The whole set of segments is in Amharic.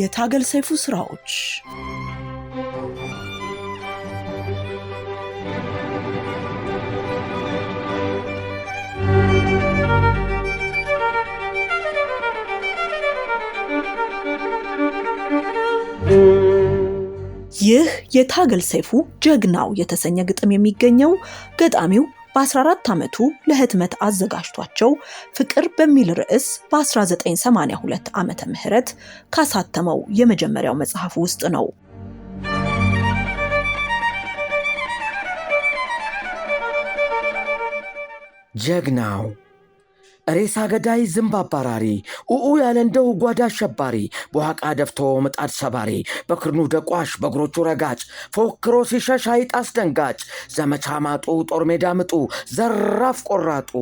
የታገል ሰይፉ ስራዎች ይህ የታገል ሰይፉ ጀግናው የተሰኘ ግጥም የሚገኘው ገጣሚው በ14 ዓመቱ ለህትመት አዘጋጅቷቸው ፍቅር በሚል ርዕስ በ1982 ዓመተ ምህረት ካሳተመው የመጀመሪያው መጽሐፍ ውስጥ ነው። ጀግናው ሬሳ ገዳይ፣ ዝንብ አባራሪ፣ ኡኡ ያለ እንደው ጓዳ አሸባሪ፣ በዋቃ ደፍቶ ምጣድ ሰባሪ፣ በክርኑ ደቋሽ፣ በእግሮቹ ረጋጭ፣ ፎክሮ ሲሸሽ አይጥ አስደንጋጭ፣ ዘመቻ ማጡ፣ ጦር ሜዳ ምጡ፣ ዘራፍ ቆራጡ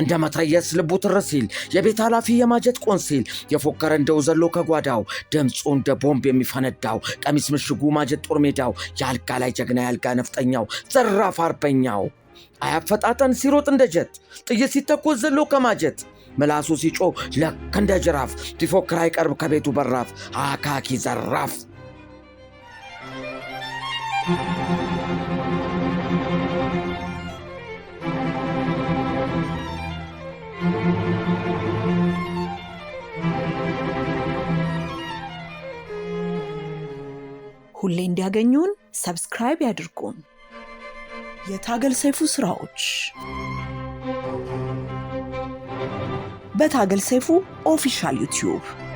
እንደ መትረየስ ልቡ ትር ሲል የቤት ኃላፊ የማጀት ቆንሲል የፎከረ እንደው ዘሎ ከጓዳው ድምፁ እንደ ቦምብ የሚፈነዳው ቀሚስ ምሽጉ ማጀት ጦር ሜዳው የአልጋ ላይ ጀግና የአልጋ ነፍጠኛው ዘራፍ አርበኛው አያፈጣጠን ሲሮጥ እንደ ጀት ጥይት ሲተኮስ ዘሎ ከማጀት ምላሱ ሲጮ ለክ እንደ ጅራፍ ሊፎክር አይቀርብ ከቤቱ በራፍ አካኪ ዘራፍ። ሁሌ እንዲያገኙን ሰብስክራይብ ያድርጉን። የታገል ሰይፉ ስራዎች በታገል ሰይፉ ኦፊሻል ዩቲዩብ